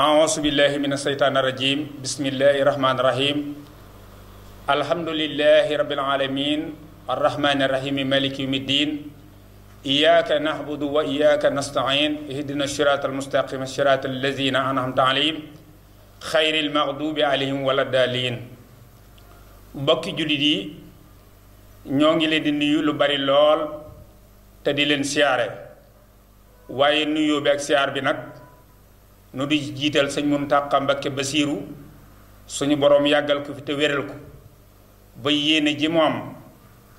أعوذ بالله من الشيطان الرجيم بسم الله الرحمن الرحيم الحمد لله رب العالمين الرحمن الرحيم مالك يوم الدين إياك نعبد وإياك نستعين اهدنا الصراط المستقيم الصراط الذين أنعمت عليهم خير المغضوب عليهم ولا الضالين بك جلدي ñoo ngi leen di nuyu lu bari lool te di leen siyaare waaye nuyoo bi ak nu di jiital sëñ Muntaqa Mbakke Basiiru suñu boroom yàggal ko fi te wéral ko ba yéene ji moom am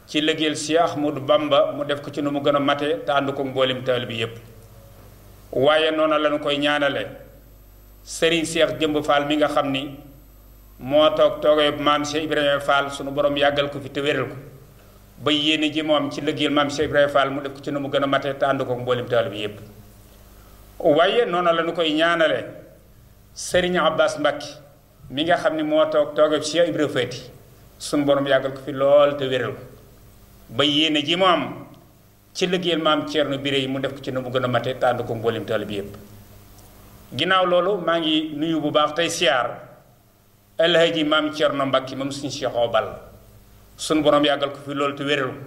ci liggéeyal Seex Ahmadu Bamba mu def ko ci nu mu gën a mate te ànd mboolem taal bi yépp waaye noonu lañu koy ñaanale sëriñ Seex Jëmb Faal mi nga xam ni moo toog toogee maam Cheikh Ibrahima Fall suñu borom yàggal ko fi te wéral ko ba yéene ji mu am ci liggéeyal maam Cheikh Ibrahima Fall mu def ko ci nu mu gën a mate te ànd ko mboolem taal bi yépp waaye noonu la ñu koy ñaanale Serigne Abbas Mbacke mi nga xam ni moo toog toogab Cheikh Ibra Fati sunu borom yàggal ko fi lool te wéral ko ji mu am ci liggéeyal maam Thierno Biré yi mu def ci na mu gën a mate ko mboolem bi yépp loolu maa ngi nuyu bu baax tey siyaar El Hadji maam Thierno Mbacke moom suñu Cheikh Obal sunu borom yàggal ko fi lool te wéral ko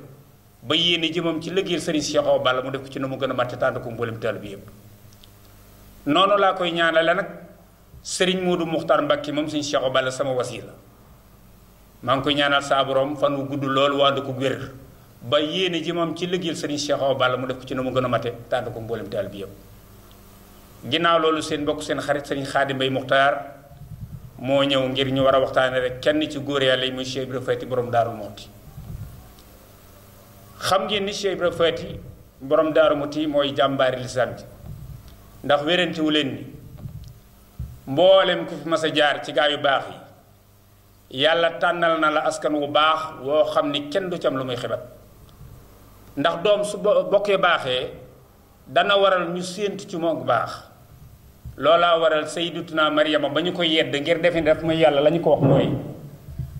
ba yéene ji moom ci liggéeyal Serigne Cheikh Obal mu def ko ci na mu gën a mate tànd ko mboolem taal bi yépp noonu laa koy ñaanale nag sëriñ Moodu Muxtaar Mbàkke moom suñu Seexu Balla sama wasiila maa ngi koy ñaanal saa fan wu gudd lool waa ko wér ba yéene ji moom ci liggéeyal sëriñ Seexu Balla mu def ko ci na mu gën a mate tànn ko mboolem taal bi yëpp ginnaaw loolu seen bokk seen xarit sëriñ Xaadim Mbay Muxtaar moo ñëw ngir ñu war a waxtaane rek kenn ci góor yàlla yi muy Cheikh Ibra Faty boroom Daaru Muxti xam ngeen ni Cheikh Ibra Faty borom Daaru Muxti mooy jàmbaari lislaam ji ndax wérantewu leen ni mboolem fi mas a jaar ci gaa yu baax yi yàlla tànnal na la askan wu baax woo xam ni kenn du cam lu muy xibat ndax doom su bokkee baaxee dana waral ñu séentu ci moom baax loolaa waral sayyidatuna Maryama ba ñu ko yedd ngir defe daf muy yàlla lañu ko wax mooy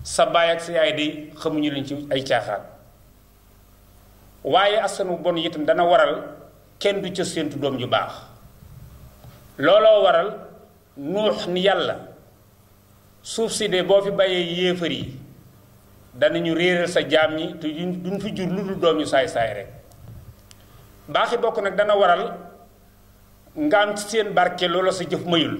sa baay ak sa yaay di xamuñu luñ ci ay caaxaan waaye askan wu bon yitam dana waral kenn du ca séentu doom ju baax looloo waral nuux ni yàlla suuf si de boo fi bàyyee yéefar yi dana ñu réeral sa jaam ñi te duñ fi jur lu dul doom yu saay-saay rek baaxi bokk nag dana waral nga seen barke loola sa jëf mayul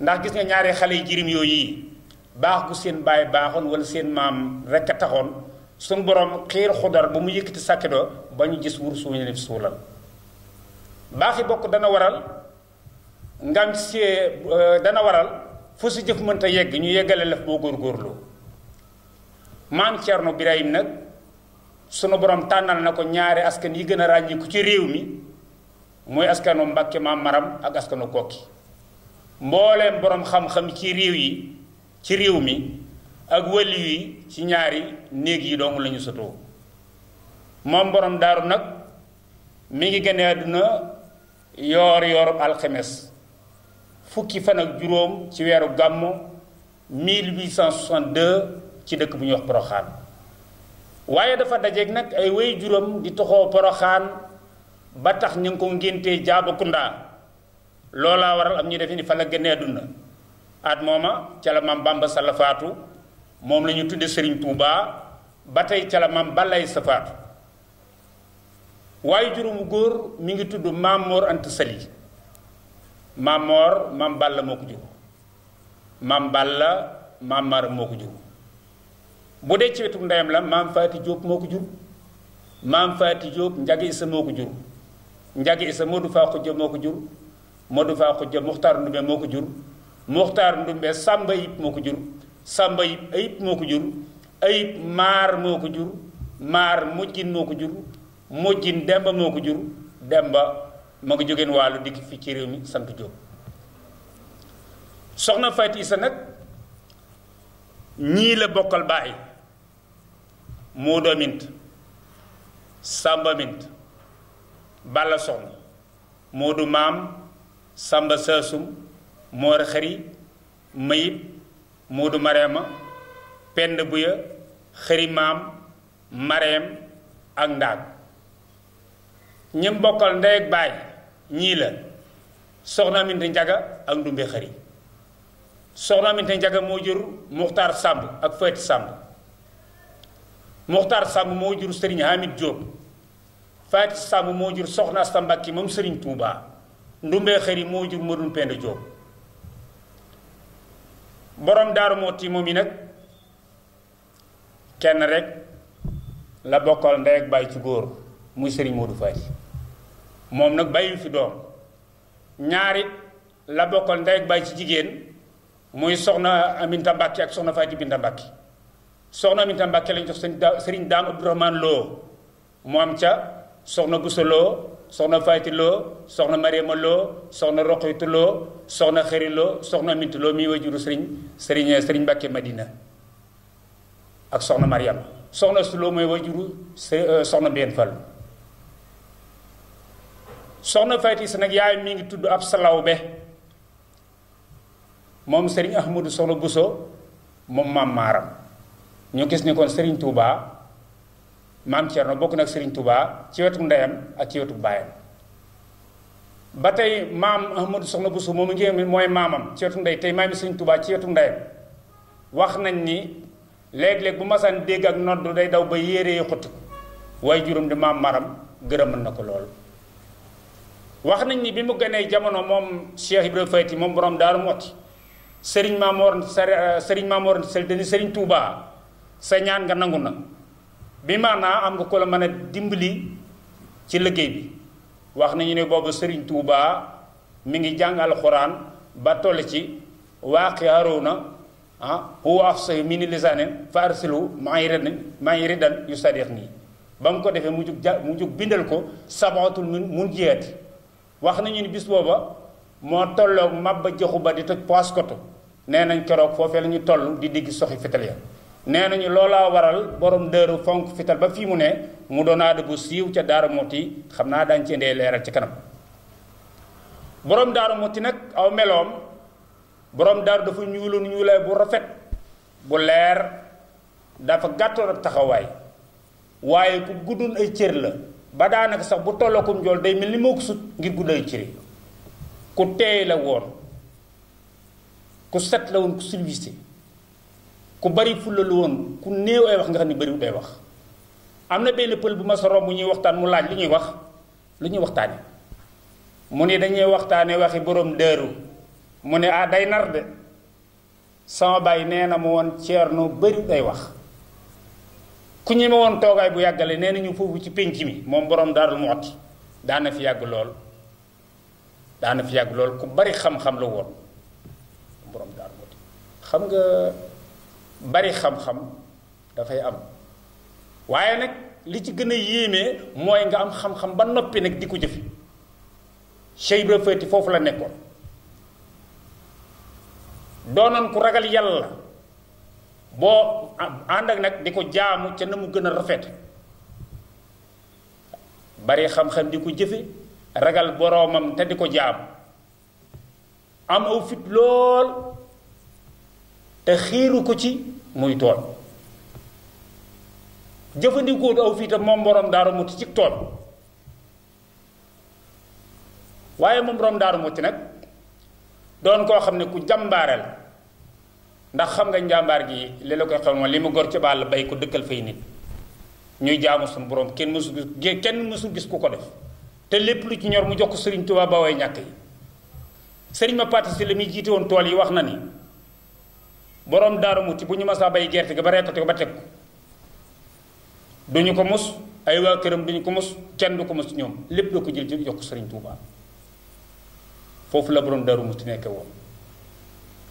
ndax gis nga ñaari xale yi jirim yooyu yi baax gu seen baay baaxoon walla seen maam rek a taxoon suñ borom xiir xudar ba mu yëkkati sàkkidoo ba ñu gis wur suuñu def suulal baaxi bokk dana waral ngam si euh, dana waral fu si jëf mënta yegg ñu yeggalee laf boo góorgóorlu maam Thierno Birahim nag sunu boroom tànnal na ko ñaari askan yi gën a ràññiku ci réew mi mooy askanu Mbàkke maam Maram ak askanu Kokki mbooleem boroom xam-xam ci réew yi ci réew mi ak wëli yi ci ñaari néeg yi dong lañu sotoo moom borom daaru nag mi ngi gane àdduna yoor yoorub alxemes fukki fan ak juróom ci weeru gàmmu 1862 ci dëkk bu ñuy wax Poroxaan waaye dafa dajeeg nag ay wéy juróom di toxoo Poroxaan ba tax ñu ngi ko ngéntee Jaabakunda loolaa waral am ñu defe ni fa la gënee dund at mooma ca la maam Bamba moom la ñu tudde Sëriñ Tuubaa ba tey ca la maam sa faatu waaye juróomu góor mi ngi tudd Maam Mor Anta Sali maam Mor maam Balla moo ko jur maam Balla maam moo ko jur bu dee ci wetu ndeyam la maam Faati Jóob moo ko jur maam Faati Jóob Njaga Isa moo ko jur Njaga Isa Modou Faa Xujja moo ko jur Modou Faa Xujja Muxtaar Ndumbe moo ko jur Muxtaar Ndumbe Sàmba Yib moo ko jur Sàmba Yib Ayib moo ko jur Ayib Maar moo ko jur Maar Mujjin moo ko jur Mujjin Demba moo ko jur Demba ma ngi jógeen wàllu digg fi ci réew mi sant Jóob soxna Faty Issa nag ñii la bokkal baay Moodo Mint Samba Mint Balla Soxna Moodu Maam Samba Saasum Moor Xari Mayib Moodu Marema Pend Buya Xari Maam Mareem ak Ndaag ñim bokkal ndey ñii la soxna Aminta Njaga ak Ndumbe Xari soxna Aminta Njaga moo jur Muxtaar Sàmb ak Fayti Sàmb Muxtaar Sàmb moo jur Sëriñ Hamid Diop Fayti Sàmb moo jur soxna Asta ki moom Sëriñ Tuubaa Ndumbe Xari moo jur Madun Penda Diop borom Daaru Mooti moom yi nag kenn rek la bokkal ndey ak baay ci góor muy Sëriñ Moodu Faati moom nag bàyyi fi doom ñaari la bokkal ndey ak ci jigéen muy soxna Aminta Mbàkke ak soxna Faati Binta Mbàkke soxna Aminta Mbàkke lañ jox sëriñ Daam Abdourahmane Lo mu am ca soxna Buso Lo soxna Faati Lo soxna Mariama Lo soxna Roqaytu soxna Xëri Lo soxna Aminta Lo mii wajuru sëriñ sëriñ sëriñ Mbàkke Madina ak soxna Mariama soxna Suloo mooy wajuru soxna Mbeen Fall soxna faytiisa nag yaay mi ngi tudd ab salawbe moom sëriñ ahmadu soxna buso moom maam maaram ñu gis ni kon sëriñ tuubaa maam Thierno bokk nag sëriñ Touba ci wetu ndeyam ak ci wetu baayam ba tey maam Ahmadou Soxna Bousso moom ngi mooy maamam ci wetu ndey tey maam sëriñ Touba ci wetu ndeyam wax nañ ni léeg-léeg bu masaan dégg ak nodd day daw ba yére yi xutti waaye juróom di maam maram gërëmal na ko loolu wax nañu ni bi mu gënee jamono moom Cheikh Ibrahima Fayti moom borom Daaru Muxti sëriñ Maamoor sëriñ Maamoor Seydina sëriñ Touba sa ñaan nga nangu na bi maanaa am nga ko la mën a dimbali ci liggéey bi wax nañu ne boobu sëriñ Touba mi ngi jàng alxuraan ba toll ci waaqi Haaruna ah huwa afsahu minni lisaanan fa arsilhu ma ngi ridan maa ngi ridan yu sadiq nii ba nga ko defee mu jug ja mu jug bindal ko sabatul mun mun jiyaati wax nañu ni bis booba moo tolloog màbba joxu ba di toj Paoskoto nee nañ keroog foofe la ñu toll di digg soxi fital ya nee nañu loolaa waral borom dëru fonk fital ba fii mu ne mu doon doonaada bu siiw ca Daaru Muxti xam naa daañu ci indee leeral ci kanam borom Daaru Muxti nag aw meloom borom daaru dafa ñuuloon ñuulaay bu rafet bu leer dafa gàttoon ak taxawaay waaye ku guddun ay cër la ba daanaka sax bu tollakum jool day mel ni moo ko sut ngir gudday ciri ku teey la woon ku set la woon ku silvisé ku bari fulla la woon ku néew ay wax nga xam ne bariwut ay wax am na benn pël bu ma sa romb ñuy waxtaan mu laaj lu ñuy wax lu ñuy waxtaane mu ne dañuy waxtaane waxi boroom dëru mu ne ah day nar de sama baay nee na ma woon noo bariwut day wax ku ñeme woon toogaay bu yàggalee nee nañu foofu ci pénc mi moom borom daarul Muxti daana fi yàgg lool daana fi yàgg lool ku bari xam-xam la woon borom daarul Muxti xam nga bari xam-xam dafay am waaye nag li ci gën a yéeme mooy nga am xam-xam ba noppi nag di ko jëfi Cheikh Ibra Faty foofu la nekkoon doonoon ku ragal yàlla bo and ak nag di jaamu ci namu mu rafet bari xam-xam di jëfé ragal boromam te di ko jam. am aw fit lol te xiru ko ci muy tooñ jëfandikoo aw fitam mom borom daaru mu ci tooñ waye mom borom daaru muti nak doon ko xamne ku jàmbaare la ndax xam nga njàmbaar gi li la koy xam li mu gor ci bàll bay ko dëkkal fay nit ñuy jaamu suñu borom kenn mësu gis kenn mësu gis ku ko def te lépp lu ci ñor mu jox ko Serigne Touba ba way ñàkk yi Serigne ma pàtti la muy jiite woon tool yi wax na ni borom Daaru Muxti bu ñu masaa bay gerte gi ba récolté ko ba teg ko duñu ko mus ay waa këram duñu ko mus kenn du ko mus ñoom lépp la ko jël jox ko Serigne Touba foofu la borom Daaru Muxti nekkee woon.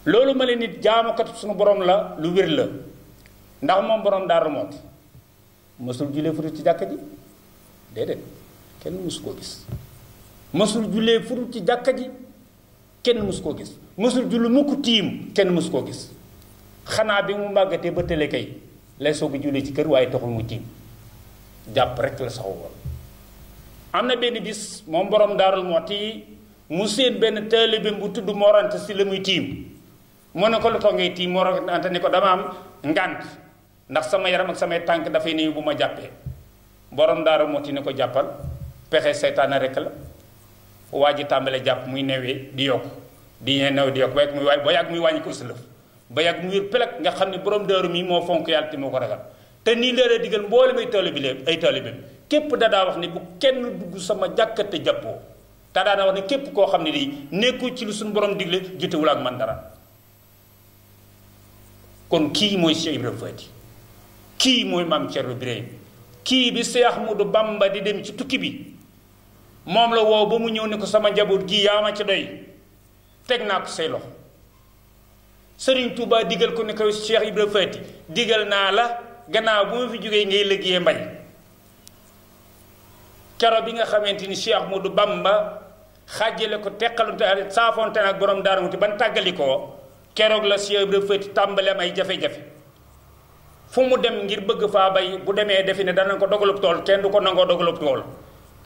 loolu ma leen nit jaamukat suñu boroom la lu wér la ndax moom borom Daaru Muxti mësul jullee furut ci jàkka ji déedéet kenn mësu koo gis mësul jullee furut ci jàkka ji kenn mësu koo gis mësul julli mukk tiim kenn mësu koo gis xanaa bi mu màggatee ba tële kay lay soog a ci kër waaye taxul mu tiim jàpp rek la saxu woon am na benn bis moom borom Daaru Muxti mu seen benn taalibeem bu tudd Mor Anta Sylla muy tiim mono ko lu tax ngay tii moo ante ko dama am ngant ndax sama yaram ak sama tank da fay bu buma jappé borom daara moti ni ko jappal pexé setan rek la waji tambalé japp muy newé di yok di ñe new di yok bayak muy way bayak muy ko seuf bayak muy pelak nga xamni borom daaru mi mo fonk yàlla te ko ragal te nii léeree digal mboolem ay lé ay taalibeem képp da wax ni bu kenn dugg sama jappo jàppoo da na wax ni képp ko xamni ne lii ci lu sun borom digle jotewul ak man dara kon kii mooy Cheikh Ibrahima Fati kii mooy maam Thierno Birahim kii bi mu Cheikh Ahmadou Bamba di dem ci tukki bi moom la woow ba mu ñëw ne ko sama njaboot gii yaa ma ci doy teg naa ko say loxo Serigne Touba digal ko ne ko Cheikh Ibrahima Fati digal naa la gannaaw bu ma fi jógee ngay liggéeyee mbay caro bi nga xamante ni Cheikh Ahmadou Bamba xàjjale ko teqalante saafonte ak borom daaru wuti ban tàggali ko keroog la si Ibra Faty tàmbali ay jafe-jafe fu mu dem ngir bëgg faa bay bu demee defi ne danañ ko dogalub tool kenn du ko nangoo dogalub tool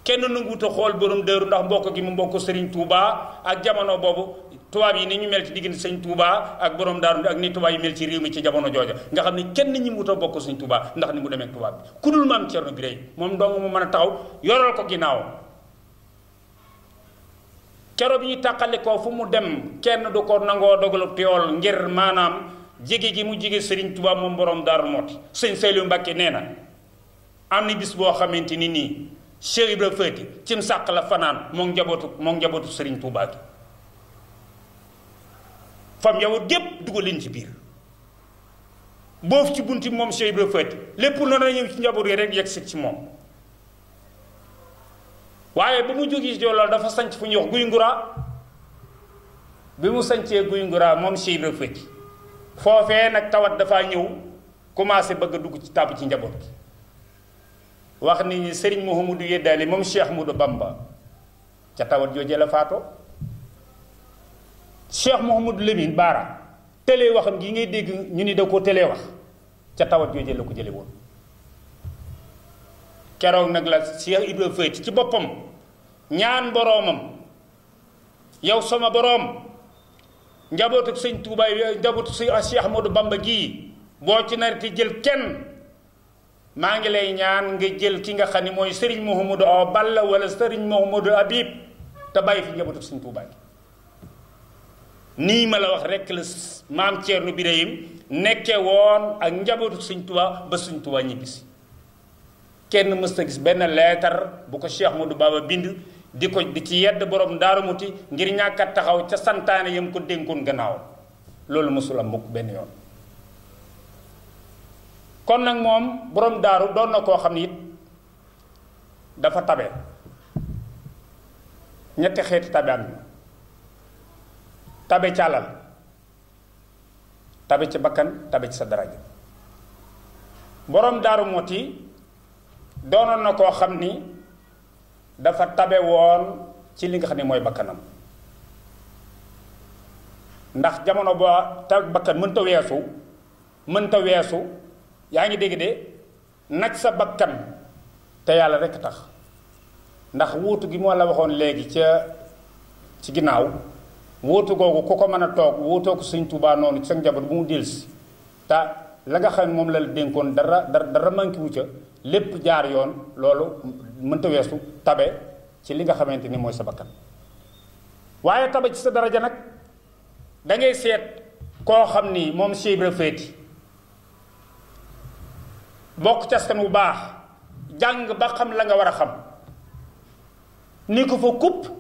kenn nanguwut xool borom dëru ndax mbokk gi mu mbokk Serigne Touba ak jamono boobu tubaab yi ni ñu mel ci diggante Sëñ Touba ak borom daaru ak ni tubaab yi mel ci réew mi ci jamono jooja nga xam ne kenn ñi mu ta bokk Sëñ Touba ndax ni mu demee tubaab bi ku dul maam Thierno Biré moom dong mu mën a taxaw yoral ko ginnaawam. kero bi ñu tàqalikoo fu mu dem kenn du ko nangoo dogalu teyool ngir maanaam jege gi mu jege Serigne Touba moom boroom Darou Mouhty sëñ Saliou Mbacké nee na am na bis boo xamante ni nii Cheikh Ibra Fati cim sàq la fanaan moom njabootu moom njabootu sëriñ Touba gi fam yow gépp dugal leen ci biir boofu ci bunt moom Cheikh Ibra Fati lépp noonu la ci njaboot yi rek yegg si ci moom. waaye bi mu jógi joolal dafa sanc fu ñuy wax guy ngura bi mu sancee guy ngura moom si la fëcc foofee nag tawat dafa ñëw commencé bëgg dugg ci tàbb ci njaboot gi wax ni ñi sëriñ Mouhamadou Yeddaali moom Cheikh Moudou Bamba ca tawat joojee la faato Cheikh Mohamoudou Lamine tele télé waxam gi ngay dégg ñu ni da ko télé wax ca tawat joojee la ko jëlé woon keroog nag la cheikh ibra fayti ci boppam ñaan boromam yow sama boroom njabootuk sëñ tuuba njabootuk sëñ cheikh amadou bamba gi bo ci narti jël kenn ma ngi lay ñaan nga jël ki nga xani moy serigne sëriñ o balla wala serigne mouhamadou habib ta bay fi njabootuk sëñ tuuba gi ni ma la wax rek la nekke ak ak touba ba touba ñibisi kenn mësta gis benn leetar bu ko cheikh modou baba bind di ko di ci yedd borom daaru muti ngir ñàkkat taxaw ca santaane yam ko dénkoon gannaaw loolu mësul am mukk yoon kon nag moom borom daaru doon na koo xam ne it dafa tabe ñetti xeeti tabe am tabe ci tabe ci bakkan tabe ci sa daraja borom daaru muti doonoon na koo xam ni dafa tabe woon ci li nga xam ne mooy bakkanam ndax jamono ba taw bakkan mënta weesu mënta weesu yaa ngi dégg de nag sa bakkan te yàlla rekk tax ndax wuutu gi moo la waxoon léegi ca ci ginnaaw wuutu googu ku ko mën a toog wuutoo ko Sëñ Tuubaa noonu ci sa njaboot bu mu si te la nga xam moom la dénkoon dara dara dara wu ca lip jaar yoon loolu mënta weesu tabe ci li nga xamante ni mooy sa bakkan waaye tabe ci sa daraja nag da ngay seet koo xam ni moom Cheikh Ibra féeti bokk ci askan wu baax jàng ba xam la nga war xam ni ko fa kupp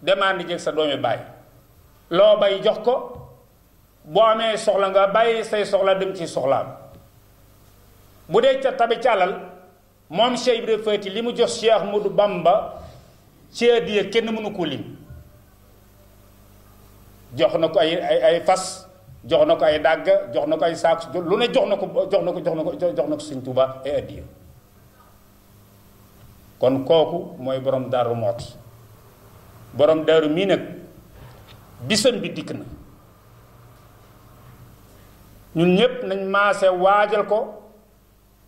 demande sa doomi bàyyi loo bay jox ko boo amee soxla nga bàyyi say soxla dem ci soxlaam bu dee ca tabe ci mom Cheikh ibrahim Fati limu jox Cheikh modou Bamba ci adiya kenn munu ko lim jox nako ay ay ay fas jox nako ay dag jox nako ay saako lu ne jox nako jox nako jox nako jox nako seigne touba Tuuba ay adiya kon koku moy borom daru mot borom daru mi nak bisam bi dikk na ñun ñépp nañ maase wajal ko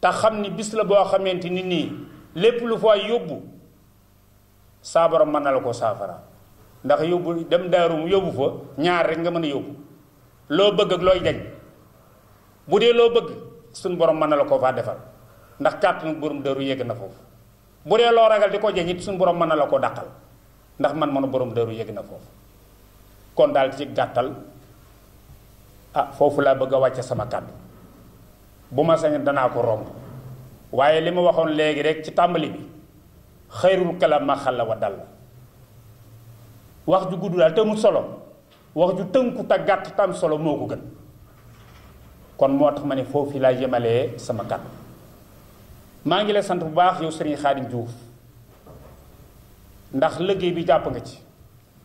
ta xam ni bis la boo xamante ni nii lépp lu fa yóbbu saabara mën na la ko saafara ndax yóbbu dem mu yóbbu fa ñaar rek nga mën a yóbbu loo bëgg ak looy dañ bu dee loo bëgg sun borom mën na la ko faa defal ndax borom dëru yegg na foofu bu dee loo ragal di ko jeñ it sun borom mën na la ko dàqal ndax man mënu borom dëru yegg na foofu kon daal ci gàttal ah foofu laa bëgg a sama kàddu bu ma sañoon danaa ko romb waaye li ma waxoon léegi rek ci tàmbali bi xayrul kalam ma xalla wa dal wax ju gudd daal te mu solo wax ju tënku ta gàtt tam solo moo ko gën kon moo tax ma ne foofu laa yemalee sama kat maa ngi la sant bu baax yow Serigne Khadim Diouf ndax liggéey bi jàpp nga ci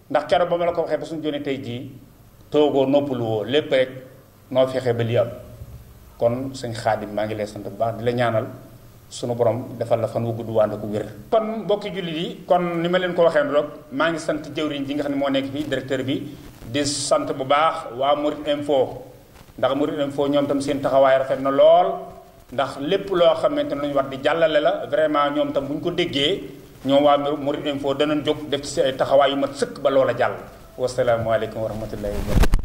ndax kero ba ma la ko waxee ba suñ jonee tey jii toogoo noppalu woo lépp rek noo fexe ba li am kon sëñ khadim ma ngi lay sant bu baax di la ñaanal suñu borom defal la fan wu gudd wànd ko wër kon mbokki julit yi kon ni ma leen ko waxee rek maa ngi sant jëwriñ ji nga xam ne moo nekk fi directeur bi di sant bu baax waa Mouride Info ndax Mouride Info ñoom tam seen taxawaay rafet na lool ndax lépp loo xamante ne lu war di jàllale la vraiment ñoom tam buñ ko déggee ñoom waa Mouride Info danañ jóg def ci ay taxawaay yu mat sëkk ba loola jàll. wasalaamualeykum wa rahmatullahi wa